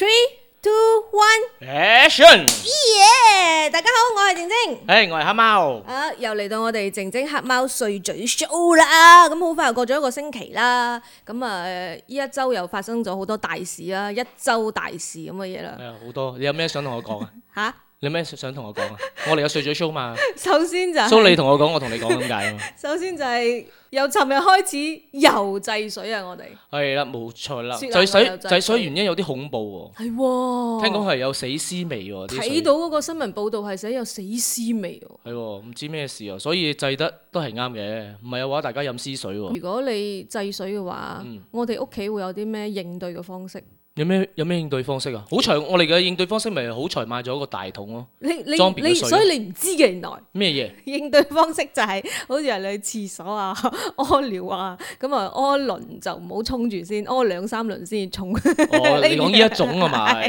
Three, two, one, action！Yeah! 大家好，我係靜晶，誒、hey，我係黑貓，啊，又嚟到我哋靜晶黑貓碎嘴 show 啦！咁好快又過咗一個星期啦，咁啊，呢一周又發生咗好多大事啦，一周大事咁嘅嘢啦，好多，你有咩想同我講啊？吓、 啊？你咩想同我講啊？ 我哋有碎嘴 show 嘛？首先就係，所以你同我講，我同你講點解啊？首先就係、是、由尋日開始又制水啊！我哋係啦，冇錯啦。制水制水原因有啲恐怖喎、啊。係喎、哦，聽講係有死屍味喎、啊。睇到嗰個新聞報道係寫有死屍味喎、啊。係喎、哦，唔知咩事啊？所以制得都係啱嘅，唔係嘅話大家飲屍水喎、啊。如果你制水嘅話，嗯、我哋屋企會有啲咩應對嘅方式？有咩有咩應對方式啊？好彩我哋嘅應對方式咪好彩買咗個大桶咯，裝便水，所以你唔知嘅原來咩嘢應對方式就係好似係、啊、你去廁所啊屙尿啊咁啊，屙輪就唔好沖住先，屙兩三輪先沖。你講呢一種啊嘛？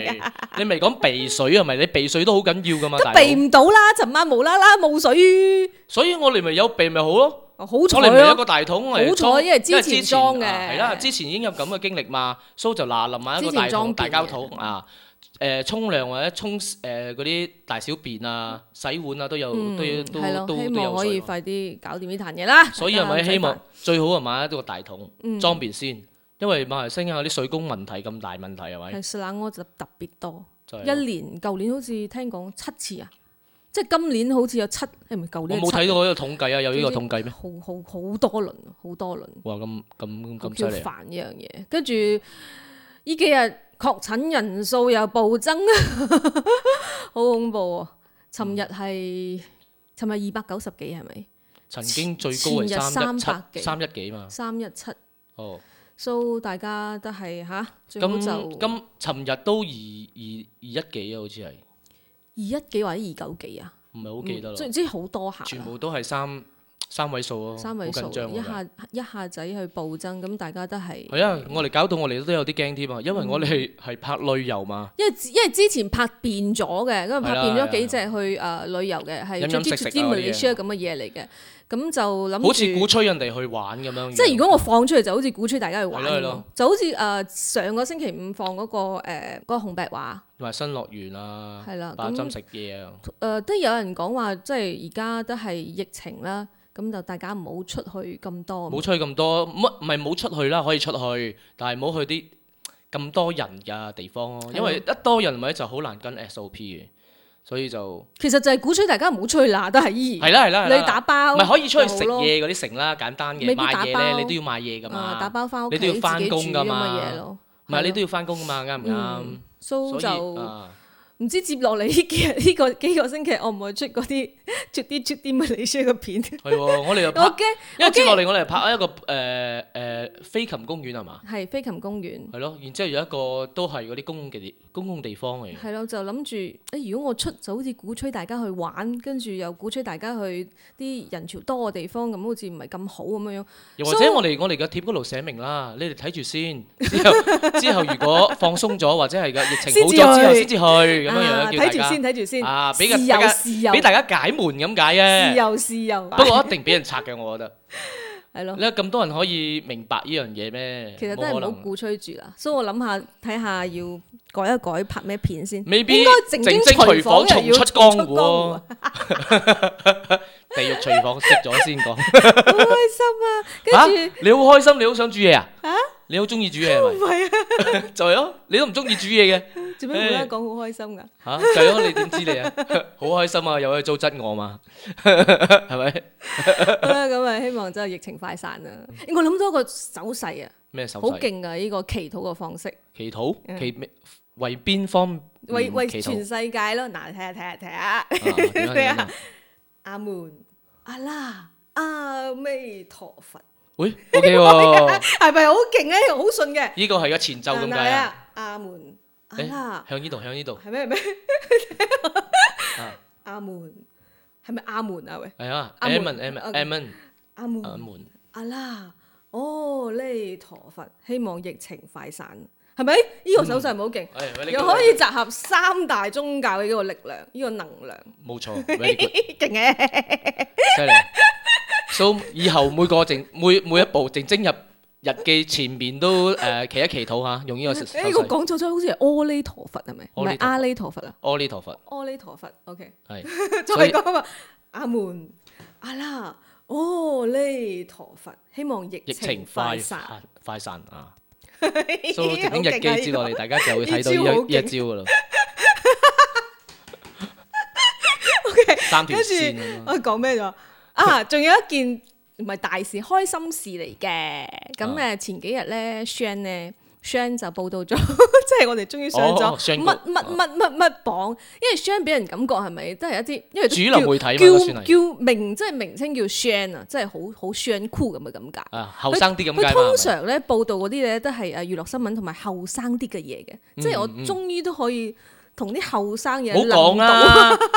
你唔係講備水係咪？你備水都好緊要㗎嘛，都備唔到啦！尋晚無啦啦冇水，所以我哋咪有備咪好咯。好重啊！好彩，因為之前裝嘅係啦，之前已經有咁嘅經歷嘛。所以就嗱嗱臨買埋一個大桶、大膠桶啊。誒，沖涼或者沖誒嗰啲大小便啊、洗碗啊都有，都都都都可以快啲搞掂呢壇嘢啦。所以係咪希望最好係買一個大桶裝便先？因為馬來西亞啲水供問題咁大問題係咪？係水冷屙就特別多，一年舊年好似聽講七次啊。即係今年好似有七，係咪舊年？我冇睇到嗰個統計啊，有呢個統計咩、嗯？好好好多輪，好多輪。多輪哇！咁咁咁犀利。好煩呢樣嘢，跟住呢幾日確診人數又暴增， 好恐怖啊！尋日係尋、嗯、日二百九十幾係咪？是是曾經最高係三一七三一幾嘛？三一七。哦。so 大家都係嚇，最好就是嗯。今尋日都二二二一幾啊？好似係。二一幾或者二九幾啊？唔係好記得啦。總之好多下，全部都係三。三位數哦，三位數，一下一下仔去暴增，咁大家都係係啊！我哋搞到我哋都有啲驚添啊！因為我哋係係拍旅遊嘛，因為因為之前拍變咗嘅，因為拍變咗幾隻去誒旅遊嘅，係咁樣食食啊咁嘅嘢嚟嘅，咁就諗住好似鼓吹人哋去玩咁樣，即係如果我放出嚟，就好似鼓吹大家去玩咯，就好似誒上個星期五放嗰個誒嗰個紅蘋果，同新樂園啊，係啦，擔心食嘢誒，都有人講話，即係而家都係疫情啦。咁就大家唔好出去咁多。唔好出去咁多，乜唔係唔好出去啦？可以出去，但係唔好去啲咁多人嘅地方咯。因為一多人咪就好難跟 SOP 嘅，所以就其實就係鼓吹大家唔好出去啦，都係依然。係啦係啦，你打包唔係可以出去食嘢嗰啲成啦，簡單嘅買嘢咧，你都要買嘢噶嘛，打包翻屋企自己煮咁嘅嘢咯。唔係你都要翻工噶嘛，啱唔啱？所以。唔知接落嚟呢幾日呢個幾個星期，我唔會出嗰啲 出啲出啲冇理嘅片。係喎，我哋又拍，我 Okay, okay. 因為接落嚟我哋拍一個誒誒飛禽公園係嘛？係飛禽公園。係咯，然之後有一個都係嗰啲公共地公共地方嚟。係咯，就諗住誒，如果我出就好似鼓吹大家去玩，跟住又鼓吹大家去啲人潮多嘅地方，咁好似唔係咁好咁樣。又或者我哋以我哋嘅貼嗰度寫明啦，你哋睇住先。之後之後如果放鬆咗或者係疫情好咗之後先至去。 睇住先，睇住先。啊，俾個俾俾大家解悶咁解啫。豉油，豉油。不過一定俾人拆嘅，我覺得。係咯。你有咁多人可以明白呢樣嘢咩？其實都係唔好鼓吹住啦，所以我諗下睇下要改一改拍咩片先。未必。應該靜晶廚房重出江湖。地獄廚房食咗先講。好開心啊！跟住，你好開心，你好想煮嘢啊？啊？你好中意煮嘢？唔係 啊， 就係咯、啊，你都唔中意煮嘢嘅，做咩冇得講？好開心噶，吓就係咯、啊，你點知你啊？好開心啊，又去糟質我嘛，係 咪是吧？咁 啊、 嗯，希望真係疫情快散啊！ 我諗到個手勢啊，咩手勢？好勁啊！呢、這個祈禱嘅方式，祈禱禮， 祈禱為邊方？為為全世界咯，嗱，睇下睇下睇下阿門，阿拉阿彌陀佛。 啊喂、喔，O.K. 係咪好勁咧？好順嘅，呢個係個前奏咁解啊。阿門，阿拉，向呢度，向呢度，係咩？咩？阿門，係咪阿門啊？喂，係是 啊，阿門，阿門，阿門，阿門，阿拉，哦，阿彌陀佛，希望疫情快散，係、啊、咪？呢、啊這個手勢係咪好勁？又、嗯啊、可以集合三大宗教嘅呢個力量，呢、這個能量，冇、啊這個啊、錯，勁嘅多，犀利。到以後每個正每每一步正精入日記前面都誒、呃、祈一祈禱嚇，用呢個誒，我、欸這個、講咗咗，好似係阿彌陀佛係咪？唔係阿彌陀佛啊！阿彌陀佛，係係阿彌陀佛。O K，係再講說啊以！阿門阿啦，阿彌陀佛，希望疫情快散疫情快散啊！所以等日記接落嚟，大家就會睇到一一招噶啦。 o Okay , K，三條線啊！ 我講咩咗？啊，仲有一件唔係大事，開心事嚟嘅。咁誒，啊、前幾日咧，Shane 咧 Shane 就報道咗， 即係我哋終於上咗乜乜乜乜乜榜。因為 Shane 俾人感覺係咪都係一啲，因為主流媒體嘛，叫，叫名，算係名即係名稱叫 Shane 啊，即係好好 Shane cool 咁嘅感覺。啊，後生啲咁。佢通常咧報道嗰啲咧都係誒娛樂新聞同埋後生啲嘅嘢嘅，嗯嗯即係我終於都可以。同啲後生人難到，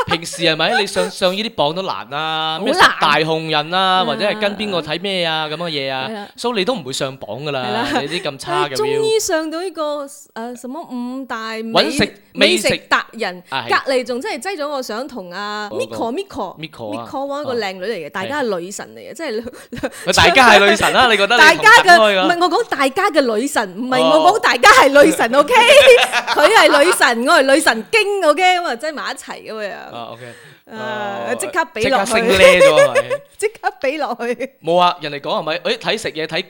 平時係咪你上上呢啲榜都難啊？咩大紅人啊，或者係跟邊個睇咩啊咁嘅嘢啊？所以你都唔會上榜噶啦，你啲咁差嘅標。終於上到呢個誒什麼五大美食美食達人，隔離仲真係擠咗。我想同阿 Miko Miko Miko Miko 係一個靚女嚟嘅，大家係女神嚟嘅，即係大家係女神啦。你覺得？大家嘅唔係我講大家嘅女神，唔係我講大家係女神。OK，佢係女神，我係女神。經我驚咁啊，擠埋一齊咁樣啊，OK，啊，即刻俾落去，即刻俾落 去，冇 啊，人哋講係咪？哎，睇食嘢睇。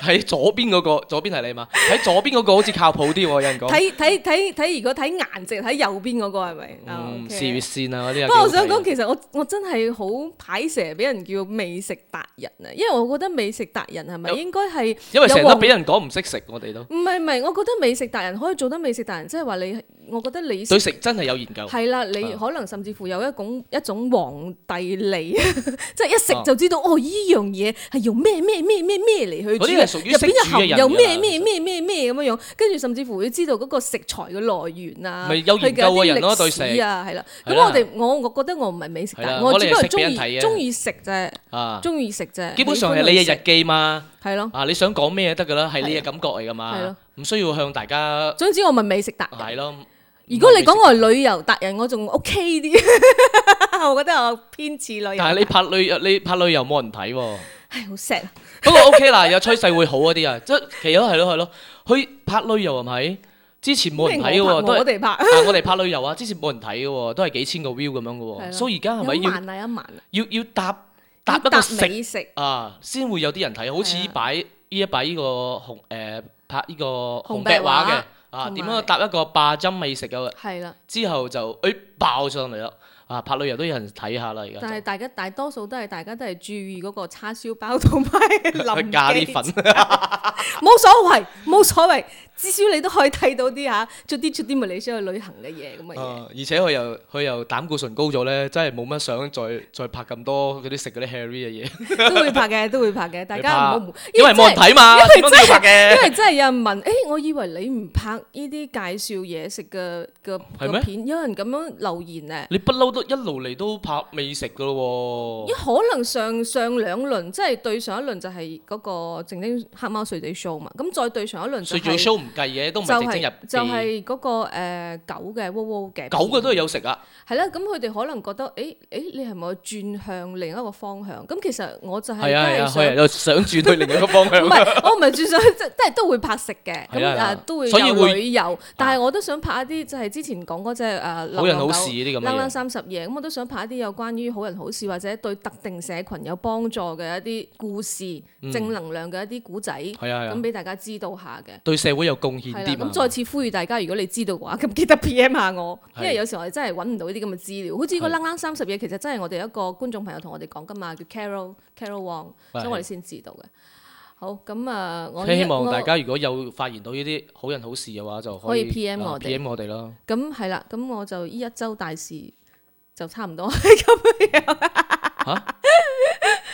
喺左邊嗰個，左邊係你嘛？喺左邊嗰個好似靠譜啲喎，有人講。睇睇睇睇，如果睇顏值，喺右邊嗰個係咪？是是嗯，越是啦，嗰啲。不過我想講，其實我我真係好排蛇俾人叫美食達人啊，因為我覺得美食達人係咪應該係？因為成日都俾人講唔識食，我哋都。唔係唔係，我覺得美食達人可以做得美食達人，即係話你，我覺得你對食真係有研究。係啦，你可能甚至乎有一種一種皇帝嚟，即係一食就知道哦，哦，呢樣嘢係用咩咩咩咩咩嚟去。入邊又含又咩咩咩咩咩咁樣樣，跟住甚至乎要知道嗰個食材嘅來源啊，係嘅歷史啊，係啦。咁我哋我我覺得我唔係美食達，我只不過係中意中意食啫，中意食啫。基本上係你嘅日記嘛，係咯。啊，你想講咩得噶啦，係你嘅感覺嚟噶嘛，唔需要向大家。總之我咪美食達人咯。如果你講我係旅遊達人，我仲 OK 啲，我覺得我偏似旅遊。但係你拍旅遊你拍旅遊冇人睇喎，係好 sad。 不過 OK 啦，有趨勢會好嗰啲啊，即係其實係咯係咯，去拍旅遊係咪？之前冇人睇喎，都係我哋拍，拍。 啊、我哋拍旅遊啊，之前冇人睇嘅喎，都係幾千個 view 咁樣嘅喎，的所以而家係咪要一一要，要搭搭一個食搭美食啊，先會有啲人睇？好似擺呢一擺呢、呢個紅誒、呃、拍呢、呢個紅壁畫嘅啊，點有樣搭一個霸氹美食啊？係啦的。之後就誒、哎、爆上嚟啦！啊！拍旅遊都有人睇下啦，而家。但係大家大多數都係大家都係注意嗰個叉燒包同埋 咖喱粉，冇 所謂，冇所謂，至少你都可以睇到啲吓，啊，出啲出啲咪你想去旅行嘅嘢，咁嘅，而且佢又佢又膽固醇高咗咧，真係冇乜想再再拍咁多嗰啲食嗰啲 Harry 嘅嘢。都會拍嘅，都會拍嘅，大家唔好怕，因為冇人睇嘛。因為真係有，有人問，誒，欸，我以為你唔拍呢啲介紹嘢食嘅嘅片，嗎有人咁樣留言咧，啊。你不嬲。一路嚟都拍未食噶咯喎，可能上上兩輪即係對上一輪就係嗰個靜晶黑貓碎嘴 show 嘛，咁再對上一輪就碎嘴 show 唔計嘅，都唔係靜晶就係就係嗰個誒狗嘅 wo 嘅。狗嘅都係有食啊。係啦，咁佢哋可能覺得誒誒，你係咪轉向另一個方向？咁其實我就係啊想轉去另一個方向。唔係，我唔係轉去，即係都會拍食嘅，咁啊都會有旅遊，但係我都想拍一啲就係之前講嗰隻誒好人好事啱啱三十。嘢。咁我都想拍一啲有關於好人好事或者對特定社群有幫助嘅一啲故事、嗯、正能量嘅一啲古仔，咁俾的大家知道下嘅。對社會有貢獻啲。咁再次呼籲大家，如果你知道嘅話，咁記得 P M 下我，的因為有時候我哋真係揾唔到呢啲咁嘅資料。好似、個冷冷三十嘢，其實真係我哋一個觀眾朋友同我哋講㗎嘛，叫 Carol Carol Wong，的所以我哋先知道嘅。好咁啊！的我希望大家如果有發現到呢啲好人好事嘅話，就可以，可以 P M 我哋。啊 PM 我哋咯。咁係啦，咁我就呢一周大事。就差唔多咁樣，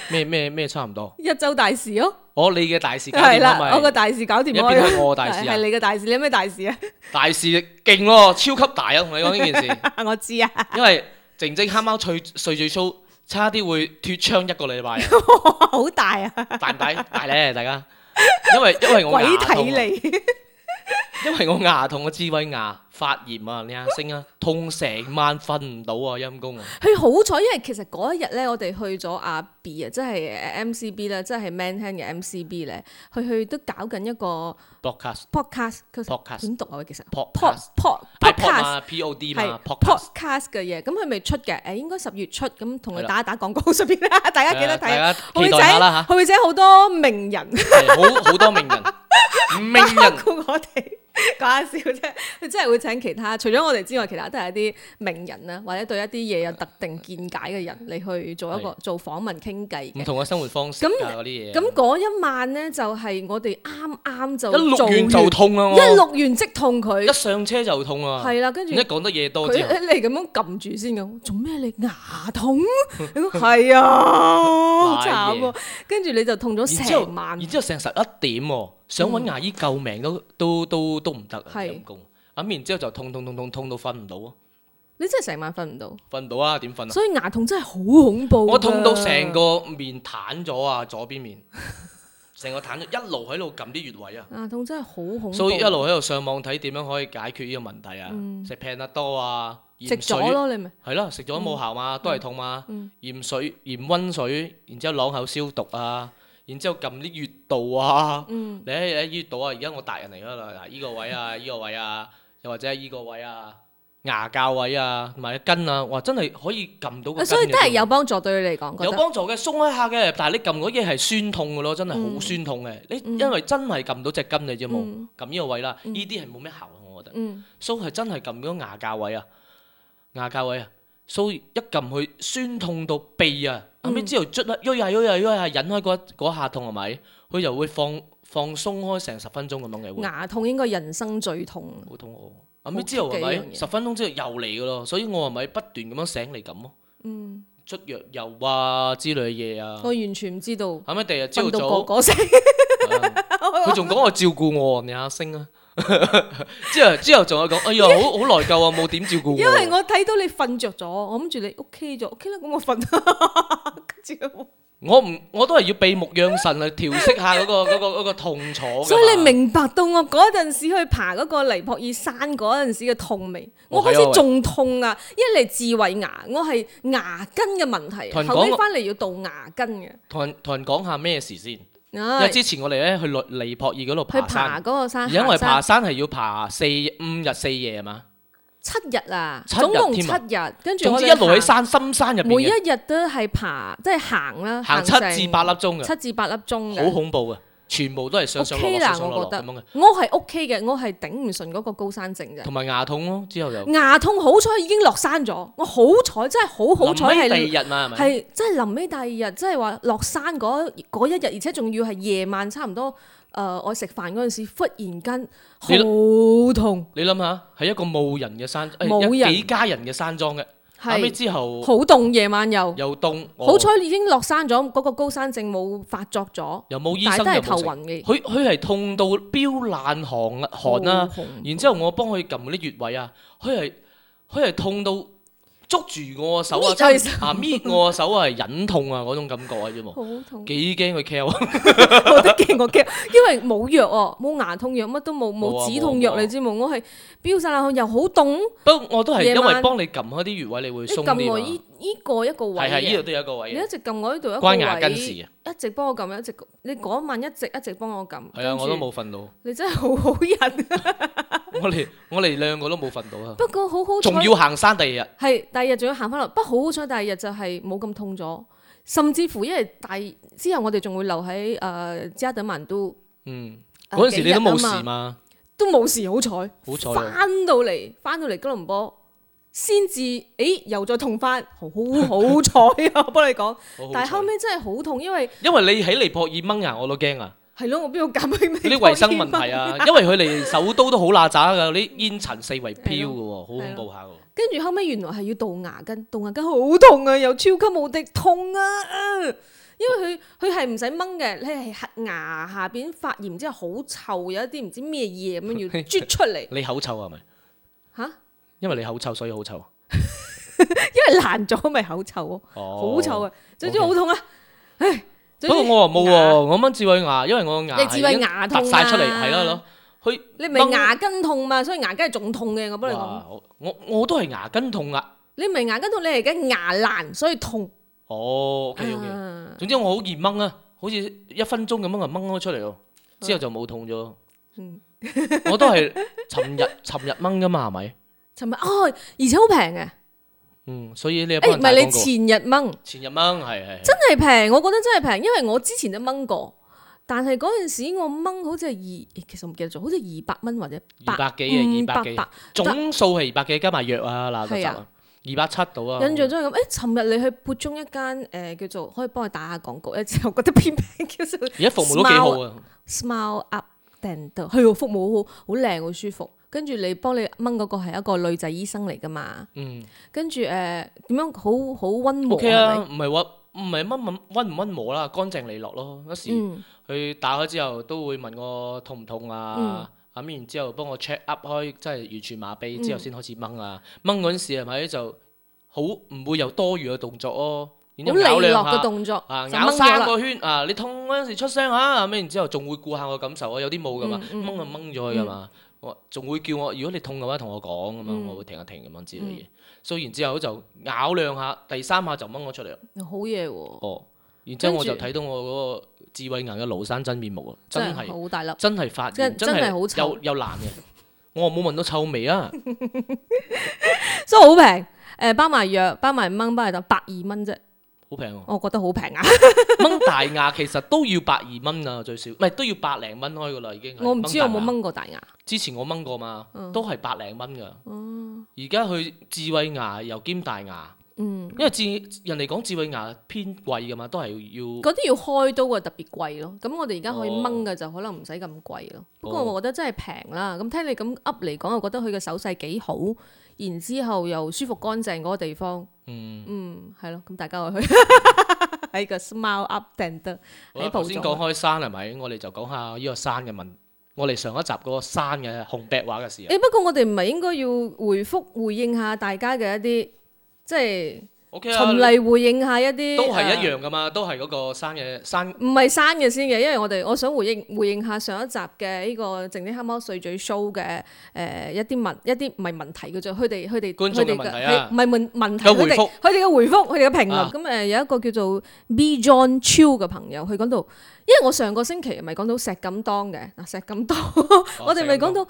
咩咩咩差唔多？一 周、啊、大事哦、啊！哦，你嘅大事搞掂啦，是是我個大事搞掂，一我嘅大事係、啊、你嘅大事，你咩大事啊？大事勁咯，超級大啊！同你講呢件事， 我知啊。因為靜晶黑貓碎碎嘴 Show，差啲會脫槍一個禮拜， 好大啊！ 大唔大咧，大，大，大家， 因為因為我牙痛， 因為我牙痛我智慧牙。發炎啊，你阿星啊，痛成晚，瞓唔到啊，陰公啊。佢好彩，因為其實嗰一日咧，我哋去咗阿 B 啊，即係 MCB 啦，即係 Manhand 嘅 MCB 咧，佢去都搞緊一個 podcast，podcast，podcast，Broad Podcast，點讀啊，其實 podcast，podcast 嘅嘢，咁佢未出嘅，誒，應該十月出，咁同佢打一打廣告順便啦，大家記得睇。係啊，期待下啦吓。許偉仔好多名人，好好多名人，名人顧我哋。講下笑啫，佢真係會請其他除咗我哋之外，其他都係一啲名人啦，或者對一啲嘢有特定見解嘅人，嚟去做一個的做訪問傾偈，唔同嘅生活方式啊啲嘢。咁嗰那一晚咧就係、是、我哋啱啱就做一錄完就痛啊，一錄完即痛佢，一上車就痛啊。係啦，跟住一講得嘢多啲，你咁樣撳住先咁，做咩你牙痛？係 啊。 好慘，跟住你就痛咗成晚，然之後成十一點喎、啊，想搵牙醫救命都、嗯、都都都唔得啊！陰公咁，然之後就痛痛痛痛痛到瞓唔到啊！你真係成晚瞓唔到，瞓唔到啊？點瞓啊？所以牙痛真係好恐怖、啊，我痛到成個面癱咗啊！左邊面。 成個癤，一路喺度撳啲穴位啊！牙痛、啊、真係好恐怖，所以、so, 一路喺度上網睇點樣可以解決呢個問題啊！食 Panadol 啊，鹽水係咯，食咗冇效嘛，都係痛嘛。嗯嗯、鹽水、鹽溫水，然之後啷口消毒啊，然之後撳啲穴道啊。你喺喺呢度啊，而家、嗯啊、我達人嚟㗎啦，嗱，依個位啊，依、這個啊、 個位啊，又或者係依個位啊。牙教位啊，同埋一筋啊，哇！真係可以撳到個筋嘅，所以都係有幫助對你嚟講，有幫助嘅，鬆一下嘅。但係你撳嗰嘢係酸痛嘅咯，真係好酸痛嘅。你因為真係撳到隻筋，你知冇，撳呢個位啦，呢啲係冇咩效，我覺得。So 係真係撳咗牙教位啊，牙教位啊，So 一撳佢酸痛到痹啊，後尾之後捽下，喐下喐下喐下，引開嗰嗰下痛係咪？佢又會放放鬆開成十分鐘咁樣嘅。牙痛應該人生最痛，好痛喎。後屘、嗯、之後係咪十分鐘之後又嚟噶咯？所以我係咪不斷咁樣醒嚟咁咯？嗯，出藥油啊之類嘅嘢啊，我完全唔知道。係咪？第二日朝早，佢仲講我照顧我，你阿星啊，之後之後仲有講，哎呀，好好內疚啊，冇點照顧我。因為我睇到你瞓着咗，我諗住你 OK 咗，OK 啦，咁我瞓。跟住。我唔我都係要閉目養神去調適下嗰、嗰個、 嗰個、嗰個痛、嗰個、楚。所以你明白到我嗰陣時去爬嗰個尼泊爾山嗰陣時嘅痛未？哦啊、我開始仲痛啊！一嚟智慧牙，我係牙根嘅問題，後屘翻嚟要杜牙根嘅。同人同人講下咩事先？是因為之前我哋咧去尼尼泊爾嗰度爬去爬山，爬個山因為爬山係要爬四五日四夜係嘛。七日啊，總共七日，跟住一路喺深山入面行。每一日都係爬，即係行啦。行七至八粒鐘嘅。七至八粒鐘嘅。好恐怖啊！全部都係上上落落上落落咁樣嘅。我係 O K 嘅，我係頂唔順嗰個高山症嘅。同埋牙痛咯，之後又，牙痛，好彩已經落山咗。我好彩，真係好好彩係第二日嘛。係真係臨尾第二日，即係話落山嗰一日，而且仲要係夜晚，差唔多。誒、呃，我食飯嗰陣時，忽然間好痛。你諗下，係一個冇人嘅山，冇人、哎、幾家人嘅山莊嘅。後尾是之後，好凍，夜晚又又凍。好彩已經落山咗，嗰、那個高山症冇發作咗。又冇醫生又頭暈嘅。佢佢係痛到標冷汗啊汗啊！汗，然之後我幫佢撳啲穴位啊，佢係佢係痛到，捉住我手啊，啊，搣我手啊，係 忍痛啊嗰種感覺啊，啫好 痛，幾驚佢 care 啊！我都驚我 care，因為冇藥啊，冇牙痛藥，乜都冇，冇止痛藥，你知冇，我係飆晒冷汗又好凍，不過我都係，因為幫你撳開啲穴位，你會鬆啲。依個一個位，係係度都有一個位你一直撳我呢度一個牙根，一直幫我撳，一直你嗰晚一直一直幫我撳。係啊，我都冇瞓到。你真係好好人。我哋我哋兩個都冇瞓到啊。不過好好，仲要行山第二日。係第二日仲要行翻落，不過好彩，第二日就係冇咁痛咗，甚至乎因為第之後我哋仲會留喺誒加德滿都。嗯，嗰陣時你都冇事嘛？都冇事，好彩。好彩。翻到嚟，翻到嚟吉隆坡。先至，誒、欸，又再痛翻好好彩啊！我幫你講，好但係後尾，真係好痛，因為因為你喺尼泊爾掹牙、啊、牙，我都驚啊！係咯，我邊度咁咩？啲衛生問題啊，因為佢哋首都都好乸渣噶，啲煙塵四圍飄噶，好了恐怖下。跟住後尾原來係要杜牙根，杜牙根好痛啊，又超級無敵痛啊！因為佢佢係唔使掹嘅，你係牙下邊發炎之後好臭，有一啲唔知咩嘢咁樣要啜出嚟。 你口臭係咪？吓、啊？因為你口臭，所以好臭。因為爛咗咪口臭哦，好臭啊！總之好痛啊！不過我話冇，我掹智慧牙，因為我牙智慧牙晒出嚟。係咯，佢你咪牙根痛嘛，所以牙根係仲痛嘅。我幫你講，我我都係牙根痛啊。你咪牙根痛，你係而家牙爛，所以痛。哦，O K O K。總之我好易掹啊，好似一分鐘咁掹啊掹咗出嚟咯，之後就冇痛咗。我都係尋日尋日掹噶嘛，係咪？係咪？哦，而且好平嘅，嗯，所以你一，唔係、哎、你前日掹，前日掹係係，真係平，我覺得真係平，因為我之前都掹過，但係嗰陣時我掹好似二，其實唔記得咗，好似二百蚊或者二百幾二百幾，總數係二百幾加埋藥啊嗱，都就二百七到啊。印象中係咁，誒、啊，尋日、啊哎、你去撥中一間誒、呃、叫做可以幫佢打下廣告，誒，我覺得偏平。叫做而家服務都幾好啊 ，smile up and down、哎、服務好，好靚，好舒服。跟住你幫你掹嗰個係一個女仔醫生嚟噶嘛？嗯，跟住誒點樣好好溫和？啊？唔係話唔係掹唔溫唔溫和啦，乾淨利落咯。有時佢打開之後都會問我痛唔痛啊？咁然之後幫我 check up 開，即係完全麻痹之後先開始掹啊！掹嗰陣時係咪就好唔會有多餘嘅動作哦？咁利落嘅動作啊！掹三個圈啊！你痛嗰陣時出聲嚇啊咁？然之後仲會顧下我感受啊，我有啲冇噶嘛？掹就掹咗佢噶嘛。仲會叫我，如果你痛嘅話，同我講咁樣，我會停一停咁樣之類嘢，收然之後就咬兩下，第三下就掹我出嚟。好嘢喎！哦，然之後我就睇到我嗰個智慧牙嘅廬山真面目啊！真係好大粒，真係發，真係好臭又爛嘅。我冇聞到臭味啊！所以好平，誒包埋藥包埋掹包係得百二蚊啫。好平、啊、我覺得好平啊！掹 大牙其實都要百二蚊啊，最少，唔係都要百零蚊開噶啦，已經。我唔知我有冇掹過大牙。之前我掹過嘛，嗯、都係百零蚊噶。哦、嗯。而家去智慧牙又兼大牙，嗯，因為智人哋講智慧牙偏貴㗎嘛，都係要。嗰啲要開刀啊，特別貴咯。咁我哋而家可以掹嘅就可能唔使咁貴咯。哦、不過我覺得真係平啦。咁聽你咁 up 嚟講，我覺得佢嘅手勢幾好。然之後又舒服乾淨嗰個地方，嗯，嗯，係咯，咁大家去喺 個 small up 定得的。頭先講開山係咪？我哋就講下呢個山嘅文，我哋上一集嗰個山嘅紅白話嘅事。誒、欸，不過我哋唔係應該要回覆回應下大家嘅一啲，即係。循例、okay 啊、回應一下一啲，都係一樣噶嘛，啊、都係嗰個山嘅山。唔係生嘅先嘅，因為我哋我想回應回應下上一集嘅呢、這個靜啲黑貓碎嘴 show 嘅誒、呃、一啲問一啲唔係問題嘅啫。佢哋佢哋，觀眾嘅問唔係問問題佢、啊、哋，佢哋嘅回覆佢哋嘅評論。咁誒、啊嗯、有一個叫做 B John Chew 嘅朋友，佢講到，因為我上個星期咪講到石錦當嘅嗱石錦當，哦、 我哋咪講到誒。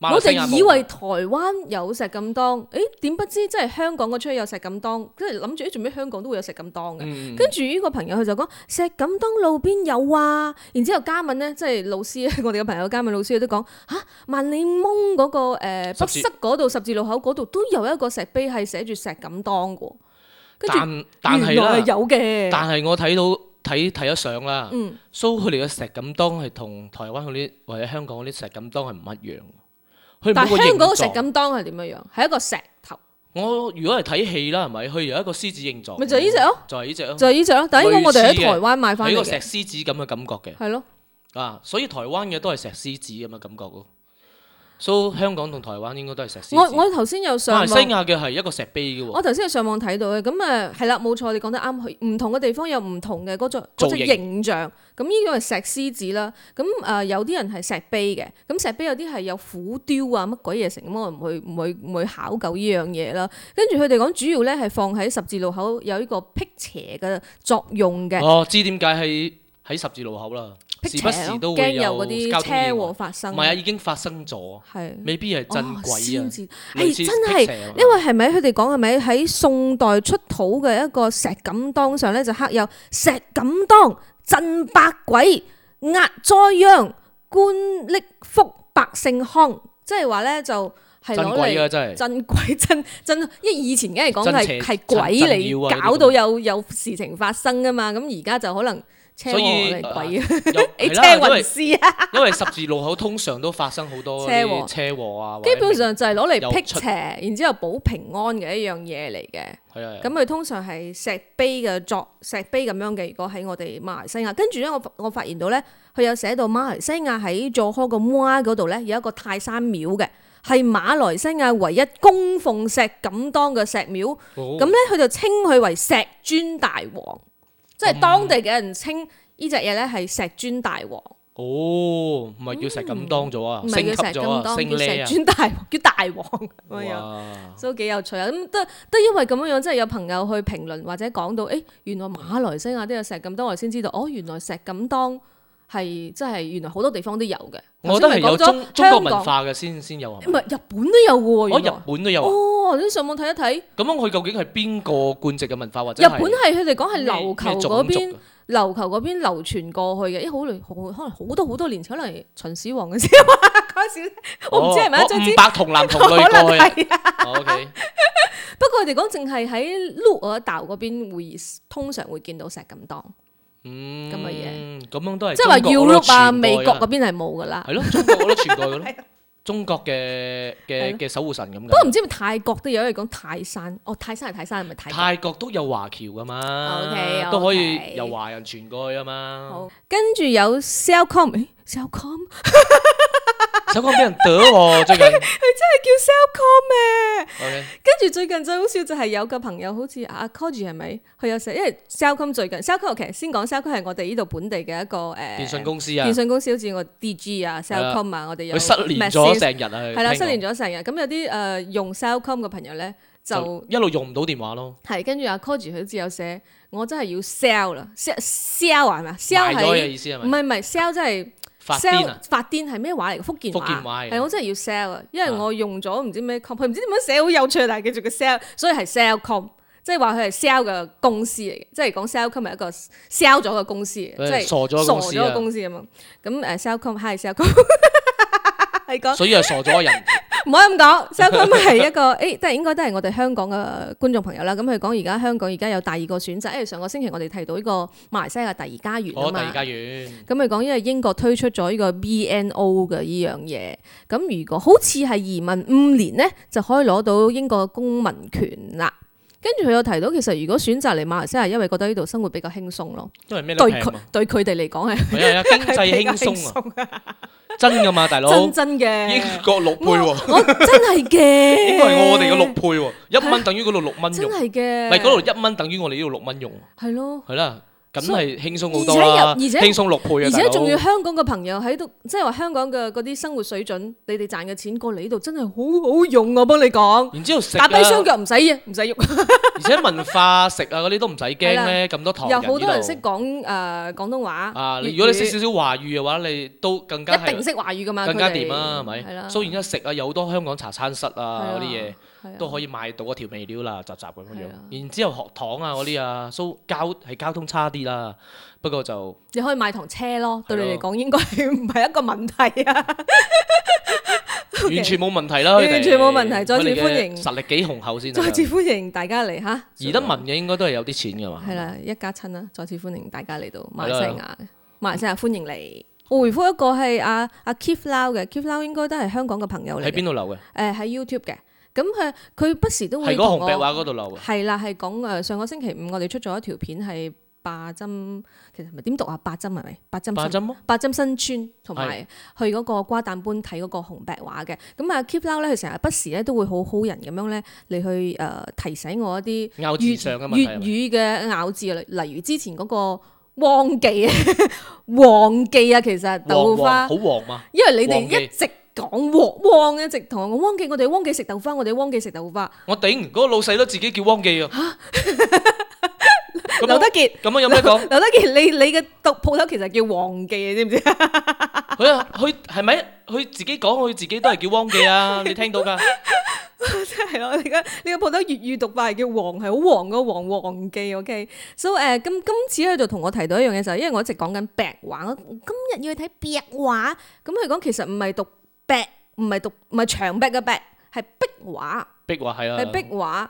我就以為台灣有石敢當，誒點不知真係香港嗰處有石敢當，跟住諗住誒做咩香港都會有石敢當嘅。跟住呢個朋友佢就講石敢當路邊有啊。然之後嘉敏咧，即係老師，我哋嘅朋友嘉敏老師都講吓萬里蒙嗰個誒北塞嗰度十字路口嗰度都有一個石碑係寫住石敢當嘅。跟住原來係有嘅。但係我睇到睇睇咗相啦，所以佢哋嘅石敢當係同台灣嗰啲或者香港嗰啲石敢當係唔一樣。但香港嘅石敢當係點樣樣？係一個石頭。我如果係睇戲啦，係咪？佢有一個獅子形狀。咪就係呢隻咯。就係呢隻咯。就係呢隻咯。但係應該我哋喺台灣買翻一個石獅子咁嘅感覺嘅。係咯的。啊，所以台灣嘅都係石獅子咁嘅感覺咯。所以、so，香港同台灣應該都係石獅子。我我頭先有上網。馬來西亞嘅係一個石碑嘅，我頭先有上網睇到嘅，咁誒係啦，冇、嗯、錯，你講得啱，唔同嘅地方有唔同嘅嗰隻隻形象。咁呢個係石獅子啦，咁誒、呃、有啲人係石碑嘅，咁石碑有啲係有虎雕啊乜鬼嘢成，咁我唔去唔去唔去，去考究呢樣嘢啦。跟住佢哋講主要咧係放喺十字路口有呢個辟邪嘅作用嘅。哦，知點解係喺十字路口啦？時不時都會有啲交通意外發生，唔係啊，已經發生咗，的未必係鎮鬼啊！哦、哎，真係，因為係咪佢哋講係咪喺宋代出土嘅一個石敢當上咧，就刻有石敢當鎮百鬼壓災殃官吏福百姓康，即係話咧就係攞嚟鎮鬼，真鎮！因為以前梗係講係係鬼嚟搞到有有事情發生㗎嘛，咁而家就可能。車禍所以，你車運屍啊？因為， 因為十字路口通常都發生好多車禍，車禍啊！禍者基本上就係攞嚟辟邪，出然之後保平安嘅一樣嘢嚟嘅。咁佢、啊啊、通常係石碑嘅作石碑咁樣嘅。如果喺我哋馬來西亞，跟住咧，我我發現到咧，佢有寫到馬來西亞喺做開個摩嗰度咧，有一個泰山廟嘅，係馬來西亞唯一供奉石敢當嘅石廟。咁咧，佢就稱佢為石磚大王。哦。即係當地嘅人稱呢隻嘢咧係石磚大王。哦，唔係叫石錦當咗啊，唔係叫石錦當，叫石磚大王？叫大王咁樣，都幾有趣啊！咁都都因為咁樣樣，即係有朋友去評論或者講到，誒原來馬來西亞都有石錦當，我先知道，哦原來石錦當係即係原來好多地方都有嘅。我都係有中中國文化嘅先先有啊。唔係日本都有喎，哦，日本都有我想上網睇一睇。咁樣佢究竟係邊個貫植嘅文化或者？日本係佢哋講係琉球嗰邊，琉球嗰邊流傳過去嘅，一好耐，可能好多好多年，可能秦始皇嘅時候，我唔知係唔係張之。五百童男童女。可能係啊。O K。不過佢哋講淨係喺琉嗰度嗰邊會通常會見到石敢當。嗯。咁嘅嘢。咁樣都係。即係話要琉啊，美國嗰邊係冇㗎啦。係咯，中國我都傳代㗎啦。中國嘅嘅嘅守護神咁嘅。不過唔知係咪泰國都有人講泰山，哦，泰山係泰山係咪泰國？泰國都有華僑噶嘛，okay, okay 都可以由華人傳過去啊嘛。好，跟住有 Celcom，咦，Celcom。 醜過俾人屌喎！最近佢真係叫 Celcom。跟住最近最好笑就係有個朋友好似阿 Cody 係咪？佢有寫，因為 Celcom 最近 Celcom 其實先講 Celcom 係我哋呢度本地嘅一個誒，電信公司啊，電信公司好似我哋 Digi 啊，Celcom 啊，我哋有佢失聯咗成日啊，係啦，失聯咗成日。咁有啲誒用 Celcom 嘅朋友咧，就一路用唔到電話咯。係跟住阿 Cody 佢好似有寫，我真係要 sell 啦，sell sell 係咪？sell 係唔係唔係 sell 真係。sell 發癲係咩話嚟？福建話係我真係要 sell 啊！因為我用咗唔知咩 com，佢唔、啊、知點樣寫好有趣，但係繼續個 sell，所以係 sell com，即係話佢係 sell 嘅公司嚟嘅，即係講 sell com 係一個 sell 咗嘅公司，即係傻咗嘅公司咁樣！咁誒、uh, sell com hi sell com 係講，所以係傻咗人，唔 可以咁講。即佢咪一個，誒都係應該都係我哋香港嘅觀眾朋友啦。咁佢講而家香港而家有第二個選擇。因、哎、為上個星期我哋提到呢個馬來西亞第二家園啊嘛。家園。咁佢講因為英國推出咗呢個 BNO 嘅呢樣嘢，咁如果好似係移民五年咧，就可以攞到英國公民權啦。跟住佢有提到，其實如果選擇嚟馬來西亞，因為覺得呢度生活比較輕鬆咯。因為咩？對佢對佢哋嚟講係經濟輕鬆啊！真㗎嘛，大佬真真嘅英國六倍喎，我真係嘅。應該係我哋嘅六倍喎，一蚊等於嗰度六蚊，真係嘅。咪嗰度一蚊等於我哋呢度六蚊用，係咯，係啦。咁係輕鬆好多而且，輕鬆六倍啊！而且仲要香港嘅朋友喺度，即係話香港嘅嗰啲生活水準，你哋賺嘅錢過嚟呢度真係好好用我幫你講。然之後食，打低雙腳唔使嘢，唔使喐。而且文化食啊嗰啲都唔使驚咩，咁多唐人有好多人識講誒廣東話。啊，如果你識少少華語嘅話，你都更加係，一定識華語㗎嘛，更加掂啊，係咪？係啦。雖然一食啊，有好多香港茶餐室啊嗰啲嘢。都可以買到調味料啦，雜雜咁樣。然之後學堂啊，嗰啲啊，蘇交係交通差啲啦，不過就你可以買台車咯，對你嚟講應該唔係一個問題啊？完全冇問題啦，完全冇問題，再次歡迎。實力幾雄厚先啊！再次歡迎大家嚟吓。移得民嘅應該都係有啲錢噶嘛。係啦，一家親啦，再次歡迎大家嚟到馬來西亞。馬來西亞歡迎你。回覆一個係阿阿 Kiflow 嘅，Kiflow e 應該都係香港嘅朋友嚟。喺邊度留嘅？誒喺 YouTube 嘅。咁佢佢不時都會喺我係嗰紅壁畫嗰度留。係啦，係講誒上個星期五，我哋出咗一條片，係八針，其實唔係點讀啊？八針係咪？八針八針咯。八針新村同埋去嗰個瓜蛋般睇嗰個紅壁畫嘅。咁啊，Keep now 咧，佢成日不時咧都會好好人咁樣咧你去誒、呃、提醒我一啲咬字上嘅問題。粵語嘅咬字，例如之前嗰個忘記，忘 記啊，王其實豆花好黃嘛。王因為你哋一直記。講汪汪嘅，直同我講汪記，我哋汪記食豆花，我哋汪記食豆花。我頂嗰、那個老細都自己叫汪記啊。劉蛤 德杰，咁啊有咩講？劉德杰，你你嘅讀鋪頭其實叫汪記，知唔知？佢 啊，佢係咪？佢自己講，佢自己都係叫汪記啊！ 你聽到噶？真係我而家呢個鋪頭粵語讀法係叫黃，係好黃個黃黃記。OK，so、okay? 誒、uh,，咁今次佢就同我提到一樣嘢就係，因為我一直講緊白話，我今日要去睇白話，咁佢講其實唔係讀。壁唔係讀，唔係牆壁嘅壁，係壁畫。壁畫係啊，係壁畫。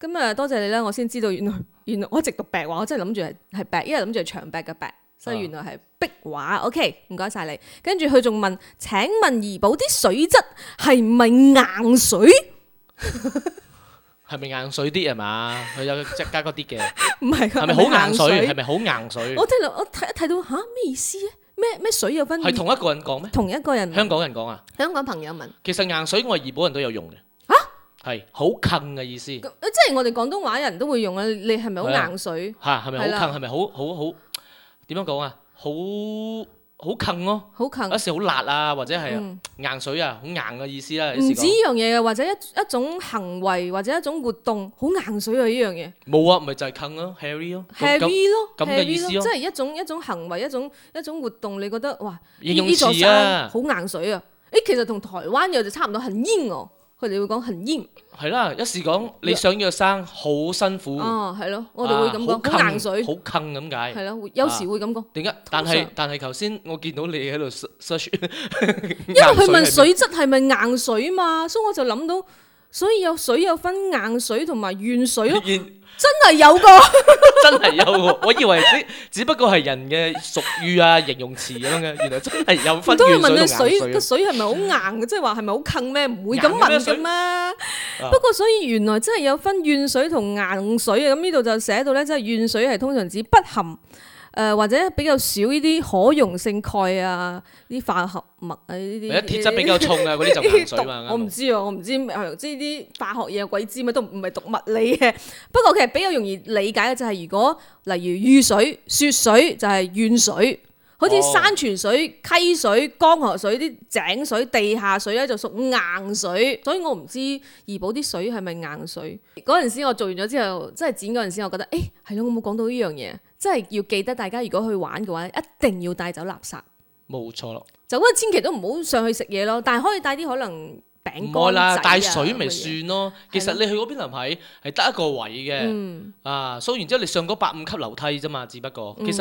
咁啊、嗯，多謝你啦，我先知道原來原來我一直讀壁畫，我真係諗住係係壁，因為諗住係牆壁嘅壁，所以原來係壁畫。啊、OK，唔該晒你。跟住佢仲問，請問怡保啲水質係唔係硬水？係 咪硬水啲 啊嘛？佢有即加啲嘅，唔係係咪好硬水？係咪好硬水？是是硬水我聽我睇一睇到吓咩意思啊？咩咩水有分？係同一個人講咩？同一個人香港人講啊！香港朋友問：其實硬水我係怡保人都有用嘅嚇，係好近嘅意思。誒，即係我哋廣東話人都會用啊！你係咪好硬水？嚇係咪好近？係咪好好好點樣講啊？好。好啃咯，有時好辣啊，啊或者係硬水啊，好、嗯、硬嘅意思啦、啊。唔止依樣嘢嘅，或者一一種行為或者一種活動，好硬水啊依樣嘢。冇啊，咪就係近咯，heavy 咯，heavy 咯，樣 heavy 咯，即係一種一種行為一種一種活動，你覺得哇，呢座山好硬水啊，誒、欸、其實同台灣嘅就差唔多很、啊，很硬哦。佢哋會講痕淹，係啦，一時講你想藥生好辛苦啊，係咯，我哋會咁講，啊、硬水，好坑咁解，係咯，有時會咁講。點解、啊？但係上但係，頭先我見到你喺度 search，因為佢問水質係咪硬水嘛，所以我就諗到，所以有水有分硬水同埋軟水咯。 真係有個，真係有個，我以為只只不過係人嘅俗語啊、形容詞咁樣嘅，原來真係有分軟水同硬水嘅，都 會問你水個水係咪好硬嘅，即係話係咪好近咩？唔會咁問嘅咩？不過所以原來真係有分軟水同硬水嘅，咁呢度就寫到咧，即係軟水係通常指不含。誒、呃、或者比較少呢啲可溶性鈣啊，啲化合物啊呢啲。而啲 鐵質比較重嘅嗰啲就硬水嘛。我唔知啊，我唔知即係啲化學嘢鬼知咩，都唔係讀物理嘅。 不過其實比較容易理解嘅就係如果例如雨水、雪水就係軟水。好似山泉水、溪水、江河水、啲井水、地下水咧就屬硬水，所以我唔知怡保啲水係咪硬水。嗰陣時我做完咗之後，真係剪嗰陣時，我覺得誒係咯，我冇講到呢樣嘢，真係要記得大家如果去玩嘅話，一定要帶走垃圾。冇錯咯，就咁千祈都唔好上去食嘢咯，但係可以帶啲可能。唔該啦，帶水咪算咯。其實你去嗰邊係唔係？係得一個位嘅，啊，梳完之後你上嗰百五級樓梯啫嘛。只不過其實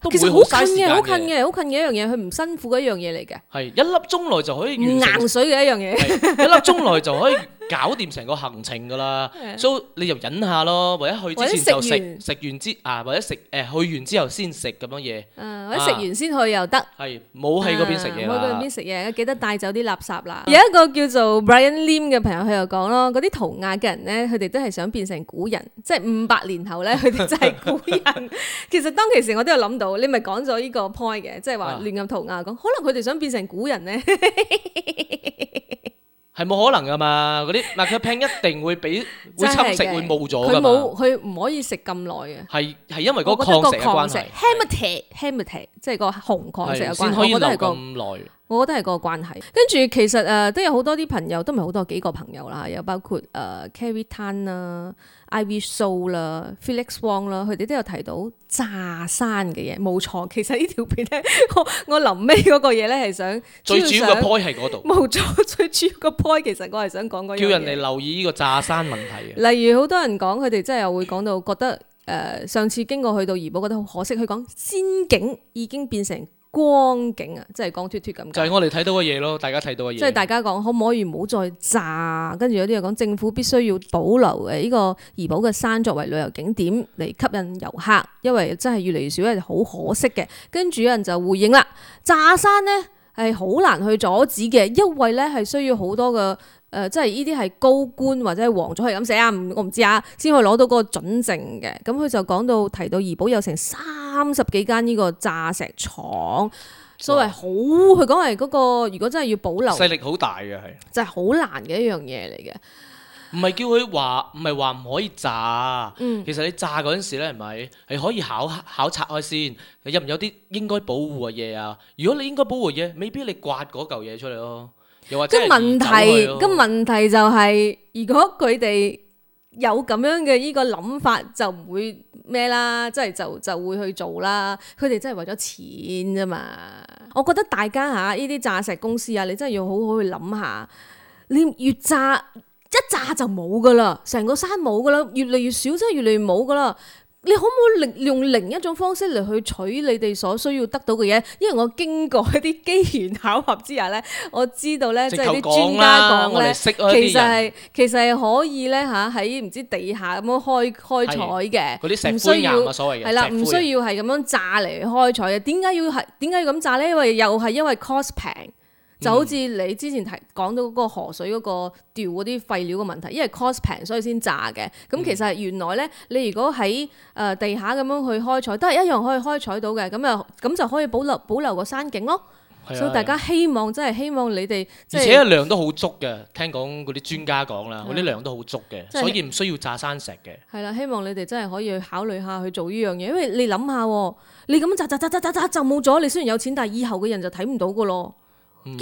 都其實好近嘅，好近嘅，好近嘅一樣嘢，佢唔辛苦嘅一樣嘢嚟嘅。係一粒鐘內就可以。唔硬水嘅一樣嘢，一粒鐘內就可以。搞掂成個行程噶啦，Yeah. 所以你就忍下咯。或者去之前就食完食完之啊，或者食誒、呃、去完之後先食咁樣嘢。啊、或者食完先去又得。係冇喺嗰邊食嘢嘛？喺嗰、啊、邊食嘢，記得帶走啲垃圾啦。啊、有一個叫做 Brian Lim 嘅朋友，佢又講咯，嗰啲塗鴉嘅人咧，佢哋都係想變成古人，即係五百年後咧，佢哋真係古人。 其實當其時我都有諗到，你咪講咗呢個 point 嘅，即係話亂咁塗鴉，講可能佢哋想變成古人咧。 係冇可能噶嘛，嗰啲嗱，佢個餅一定會俾 的會侵蝕，會冇咗噶佢，冇佢，唔可以食咁耐嘅。係係因為嗰個礦石嘅關係。Hematite，Hematite，即係個紅礦石嘅關係。係先可以留咁耐。我覺得係個關係，跟住其實誒都有好多啲朋友，都唔係好多幾個朋友啦，又包括誒 Carrie Tan 啦、Ivy So 啦、Felix Wong 啦，佢哋都有提到炸山嘅嘢。冇錯，其實呢條片咧，我我臨尾嗰個嘢咧係想最主要嘅 point 係嗰度。冇錯，最主要嘅 point 其實我係想講嗰樣嘢，叫人哋留意呢個炸山問題。例如好多人講，佢哋真係又會講到覺得誒，呃、上次經過去到怡保，覺得好可惜。佢講仙境已經變成，光景啊，即係光脫脱咁。就係我哋睇到嘅嘢咯，大家睇到嘅嘢。即係大家講，可唔可以唔好再炸？跟住有啲人講，政府必須要保留誒呢個怡保嘅山作為旅遊景點嚟吸引遊客，因為真係越嚟越少，係好可惜嘅。跟住有人就回應啦，炸山咧係好難去阻止嘅，因為咧係需要好多個。誒、呃，即係呢啲係高官或者係王族係咁寫啊，我唔知啊，先可以攞到嗰個准證嘅。咁、嗯、佢就講到提到怡保有成三十幾間呢個炸石廠，所謂好，佢講係嗰個如果真係要保留，勢力好大嘅係，就係好難嘅一樣嘢嚟嘅。唔係叫佢話唔係話唔可以炸，嗯、其實你炸嗰陣時咧係咪係可以考考察開先？有唔有啲應該保護嘅嘢啊，如果你應該保護嘅嘢，未必你刮嗰嚿嘢出嚟咯、啊。即係問題嘅、啊、問題就係、是，如果佢哋有咁樣嘅呢個諗法，就唔會咩啦，即係就是、就，就會去做啦。佢哋真係為咗錢啫嘛。我覺得大家吓呢啲炸石公司啊，你真係要好好去諗下，你越炸一炸就冇噶啦，成個山冇噶啦，越嚟越少真係越嚟越冇噶啦。你可唔可以利用另一種方式嚟去取你哋所需要得到嘅嘢？因為我經過一啲機緣巧合之下咧，我知道咧，即係啲專家講咧，其實係其實係可以咧嚇喺唔知地下咁樣開開採嘅，唔需要係啦，唔需要係咁樣炸嚟開採嘅。點解要係點解要咁炸咧？因為又係因為 cost 平。就好似你之前提講到嗰個河水嗰個掉嗰啲廢料嘅問題，因為 cost 平，所以先炸嘅。咁其實原來咧，你如果喺誒地下咁樣去開採，都係一樣可以開採到嘅。咁啊，咁就可以保留保留個山景咯。所以大家希望真係希望你哋而且個量都好足嘅，聽講嗰啲專家講啦，嗰啲量都好足嘅，所以唔需要炸山石嘅。係啦，希望你哋真係可以考慮下去做呢樣嘢，因為你諗下喎，你咁炸炸炸炸炸就冇咗，你雖然有錢，但係以後嘅人就睇唔到個咯。堅呢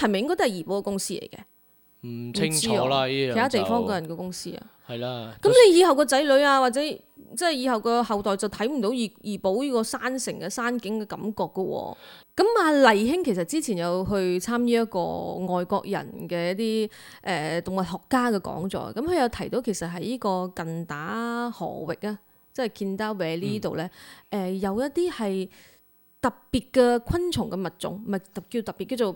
啲係咪應該都係怡保公司嚟嘅？唔清楚啦，其他地方個人嘅公司啊。係啦的。咁你以後個仔女啊，或者即係以後個後代就睇唔到怡怡保呢個山城嘅山景嘅感覺嘅喎。咁啊，黎兄其實之前有去參與一個外國人嘅一啲誒動物學家嘅講座，咁佢有提到其實喺呢個近打河域啊，即係 Kinta Valley 呢度咧，誒、嗯呃、有一啲係。特別嘅昆蟲嘅物種，唔係特叫特別，叫做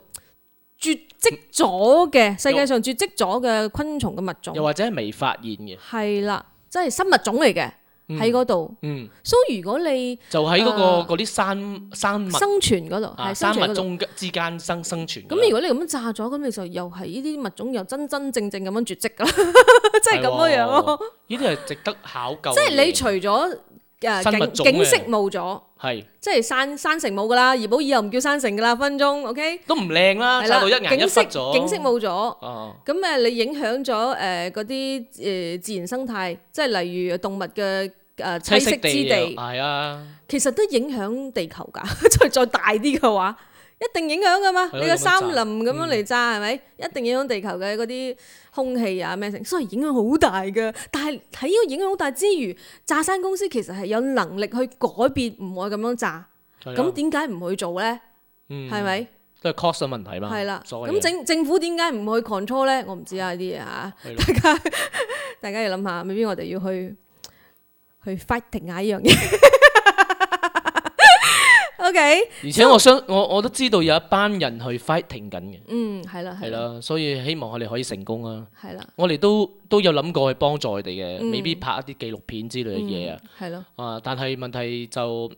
絕迹咗嘅，世界上絕迹咗嘅昆蟲嘅物種，又或者係未發現嘅，係啦，即係新物種嚟嘅喺嗰度。嗯，所以如果你就喺嗰個嗰啲山山物生存嗰度，係生物中之間生生存。咁如果你咁樣炸咗，咁你就又係呢啲物種又真真正正咁 樣絕迹㗎啦，即係咁樣樣咯。呢啲係值得考究。即係你除咗誒、啊、景景色冇咗。係，是即係山山城冇噶啦，怡保以後唔叫山城噶啦，分鐘，OK？都唔靚啦，差到的一人一分咗，景色冇咗。咁誒，嗯、你影響咗誒嗰啲誒自然生態，即係例如動物嘅誒棲息之地，係啊，其實都影響地球噶、嗯， 再再大啲嘅話。一定影響噶嘛，的你個森林咁樣嚟炸，係咪、嗯？一定影響地球嘅嗰啲空氣啊咩成，雖然影響好大嘅，但係喺呢個影響好大之餘，炸山公司其實係有能力去改變唔愛咁樣炸，咁點解唔去做咧？係咪、嗯？都係確信問題嘛。係啦的，咁以政政府點解唔去抗 l 咧？我唔知啊啲嘢吓，的大家的 大家要諗下，未必我哋要去去 fighting 啊呢樣嘢。而且我想我我都知道有一班人去 fighting 緊嘅，嗯，係啦，係啦，啦，所以希望我哋可以成功啊，係啦，我哋都都有諗過去幫助佢哋嘅，嗯、未必拍一啲紀錄片之類嘅嘢、嗯、啊，係咯，啊但係問題就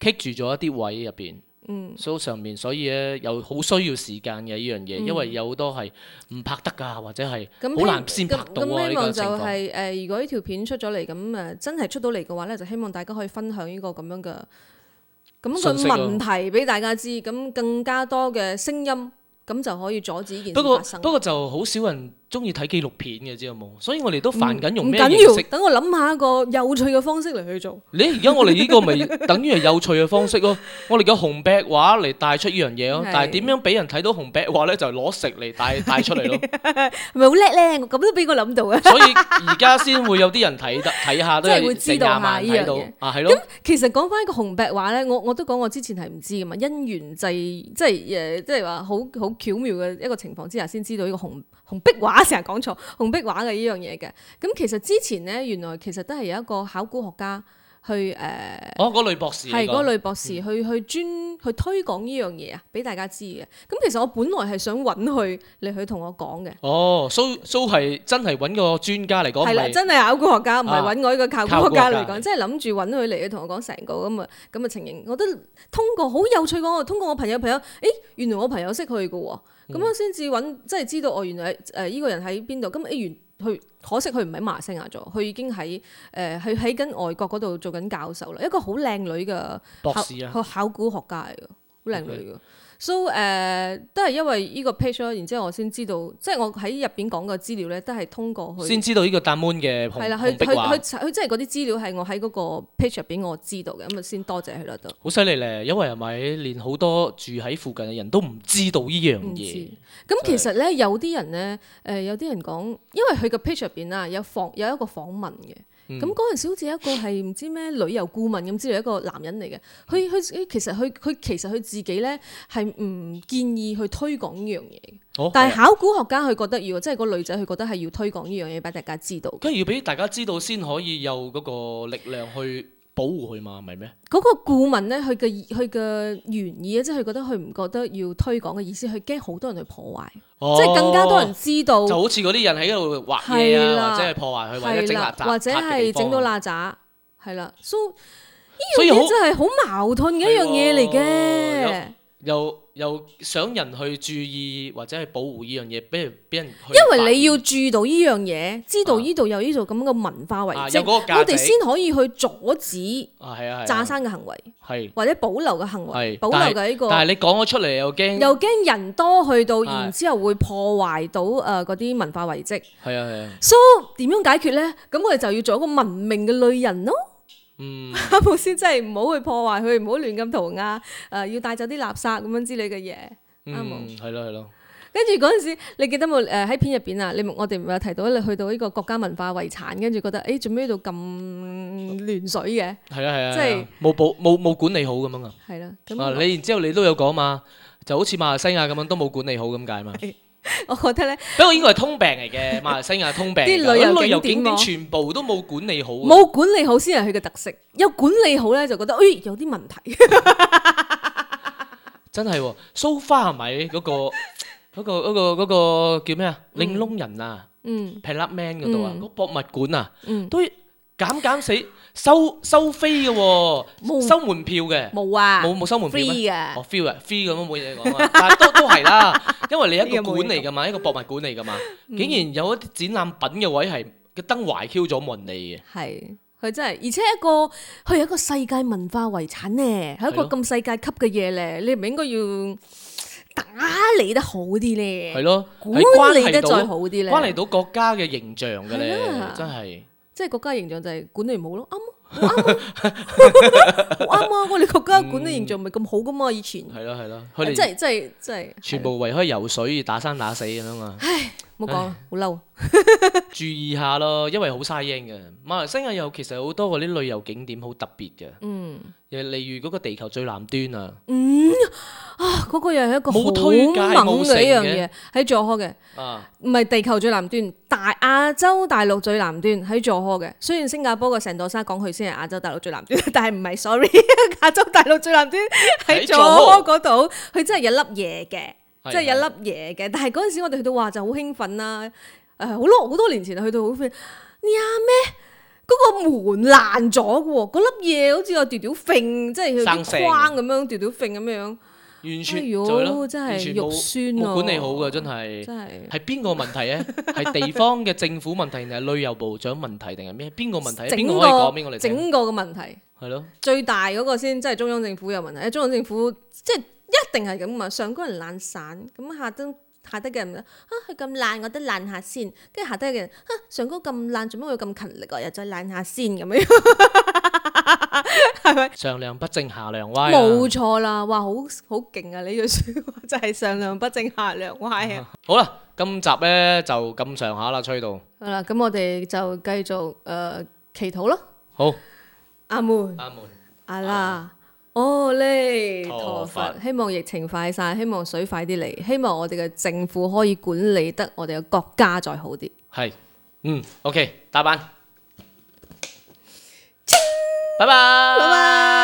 棘住咗一啲位入邊，嗯，所上面，所以咧又好需要時間嘅呢樣嘢，因為有好多係唔拍得㗎，或者係好難先拍到啊，呢個就係、是、誒、呃，如果呢條片出咗嚟咁誒，真係出到嚟嘅話咧，就希望大家可以分享呢個咁樣嘅。咁個問題俾大家知，咁更加多嘅聲音，咁就可以阻止呢件事發生。不過不過就好少人。中意睇紀錄片嘅知道冇？所以我哋都煩緊用咩嘢食。等我諗下一個有趣嘅方式嚟去做。你而家我哋呢個咪等於係有趣嘅方式咯？ 我哋嘅紅壁畫嚟帶出呢樣嘢咯。是但係點樣俾人睇到紅壁畫咧？就攞、是、食嚟帶帶出嚟咯。係咪好叻咧？咁都俾我諗到啊！所以而家先會有啲人睇得睇下都成廿萬睇到。啊，係咯。咁其實講翻呢個紅壁畫咧，我我都講我之前係唔知噶嘛，因緣際即係誒，即係話好好巧妙嘅一個情況之下先知道呢個紅紅壁畫。成日講錯紅壁畫嘅呢樣嘢嘅，咁其實之前咧，原來其實都係有一個考古學家。去誒，啊、哦，嗰類博士係嗰類博士去、嗯、去專去推廣呢樣嘢啊，俾大家知嘅。咁其實我本來係想揾佢，嚟去同我講嘅。哦，蘇蘇係真係揾個專家嚟講，係啦，真係考古學家，唔係揾我依個靠古學家嚟講，即係諗住揾佢嚟同我講成個咁啊咁啊情形。我覺得通過好有趣嘅，我通過我朋友朋友，誒、欸、原來我朋友識佢嘅喎，咁啊先至揾，即係知道我原來誒呢個人喺邊度。咁誒原來佢可惜佢唔喺馬來西亞做，佢已經喺誒，佢喺緊外國嗰度做緊教授啦。一個好靚女嘅博士，啊、考古學家嘅，好靚女嘅。所以誒，so, uh, 都係因為呢個 page 然之後，我先知道，即係我喺入邊講嘅資料咧，都係通過去先知道呢個 Damon 嘅紅紅壁畫。係啦，佢佢佢即係嗰啲資料係我喺嗰個 page 入邊我知道嘅，咁啊先多謝佢啦，就好犀利咧，因為係咪連好多住喺附近嘅人都唔知道呢樣嘢？唔知。咁其實咧，有啲人咧，誒有啲人講，因為佢嘅 page 入邊啊，有訪有一個訪問嘅。咁嗰陣時好似一個係唔知咩旅遊顧問咁之類一個男人嚟嘅，佢佢其實佢佢其實佢自己咧係唔建議去推廣呢樣嘢。哦，但係考古學家佢覺得要，嗯，即係個女仔佢覺得係要推廣呢樣嘢俾大家知道。跟住要俾大家知道先可以有嗰個力量去。保護佢嘛，唔係咩？嗰個顧問咧，佢嘅佢嘅原意啊，即係佢覺得佢唔覺得要推廣嘅意思，佢驚好多人去破壞，哦、即係更加多人知道，就好似嗰啲人喺度畫嘢啊，的或者係破壞佢的或者整的或者係整到邋遢，係啦，So，呢樣嘢真係好矛盾嘅一樣嘢嚟嘅。又又想人去注意或者係保護呢樣嘢，比如俾人去，因為你要注意到呢樣嘢，知道呢度有呢種咁嘅文化遺跡，啊、我哋先可以去阻止炸山嘅行為，係、啊啊、或者保留嘅行為，是啊、保留嘅呢、這個。但係你講咗出嚟又驚，又驚人多去到然之後會破壞到誒嗰啲文化遺跡。係啊係啊。啊、So 點樣解決咧？咁我哋就要做一個文明嘅旅人咯。嗯，啱冇先真係唔好去破壞佢，唔好亂咁塗鴉，誒要帶走啲垃圾咁樣之類嘅嘢，啱冇？係咯係咯。跟住嗰陣時，你記得冇誒喺片入邊啊？你我哋咪有提到你去到呢個國家文化遺產，跟住覺得誒做咩呢度咁亂水嘅？係啊係啊，即係冇保冇冇管理好咁樣啊。係啦，啊你然之後你都有講嘛，就好似馬來西亞咁樣都冇管理好咁解嘛。我覺得咧，不過應該係通病嚟嘅，馬來西亞通病，啲旅遊景點全部都冇管理好，冇管理好先係佢嘅特色，有管理好咧就覺得，誒，有啲問題，真係，so far 係咪嗰個嗰個嗰個嗰個叫咩啊，令儂人啊，嗯，皮拉曼嗰度啊，個博物館啊，嗯，都。減減死收收飛嘅，收門票嘅，冇啊，冇冇收門票。free 嘅，free 啊，free 咁冇嘢講啊，但係都都係啦，因為你一個館嚟噶嘛，一個博物館嚟噶嘛，竟然有一啲展覽品嘅位係嘅燈壞 Q 咗門嚟嘅。係，佢真係，而且一個佢係一個世界文化遺產咧，係一個咁世界級嘅嘢咧，你唔應該要打理得好啲咧。係咯，管理得再好啲咧，關係到國家嘅形象嘅咧，真係。即係國家形象就係管理唔好咯，啱啊，好啱 啊，我哋國家管理形象唔係咁好噶嘛？以前係咯係咯，佢哋真係真係真係，的全部為開游水打生打死咁啊！唉。冇講，好嬲。唉生 注意下咯，因為好嘥英嘅。馬來西亞有其實好多嗰啲旅遊景點好特別嘅。嗯，例如嗰個地球最南端、嗯、啊。嗯啊，嗰個又係一個好猛嘅一樣嘢，喺佐科嘅。啊，唔係地球最南端，大亞洲大陸最南端喺佐科嘅。雖然新加坡嘅成座山講佢先係亞洲大陸最南端，但係唔係，sorry，亞 洲大陸最南端喺佐科嗰度，佢真係有粒嘢嘅。即係一粒嘢嘅，但係嗰陣時我哋去到話就好興奮啦，誒好老好多年前去到好興，你嗌咩？嗰個門爛咗嘅喎，嗰粒嘢好似個吊吊揈，即係有啲框咁樣吊吊揈咁樣，完全就係真係肉酸，冇管理好嘅真係，真係係邊個問題咧？係地方嘅政府問題，定係旅遊部長問題，定係咩？邊個問題？整個整個嘅問題，係咯，最大嗰個先，即係中央政府有問題，中央政府即係。一定係咁啊，上高人懶散，咁下登下低嘅人，哈，佢咁懶，我都懶下先，跟住下低嘅人，哈，上高咁懶，做乜會咁勤力，又再懶下先，咁樣，係咪？上梁不正下梁歪，冇錯啦，哇，好好勁啊！你呢句說話真係上梁不正下梁歪啊！好啦，今集咧就咁上下啦，吹到。好啦，咁我哋就繼續誒祈禱咯。好，阿門，阿門，阿啦。哦咧，oh, right. 陀佛！希望疫情快晒，希望水快啲嚟，希望我哋嘅政府可以管理得我哋嘅國家再好啲。係，嗯，OK，打板，拜拜，拜拜。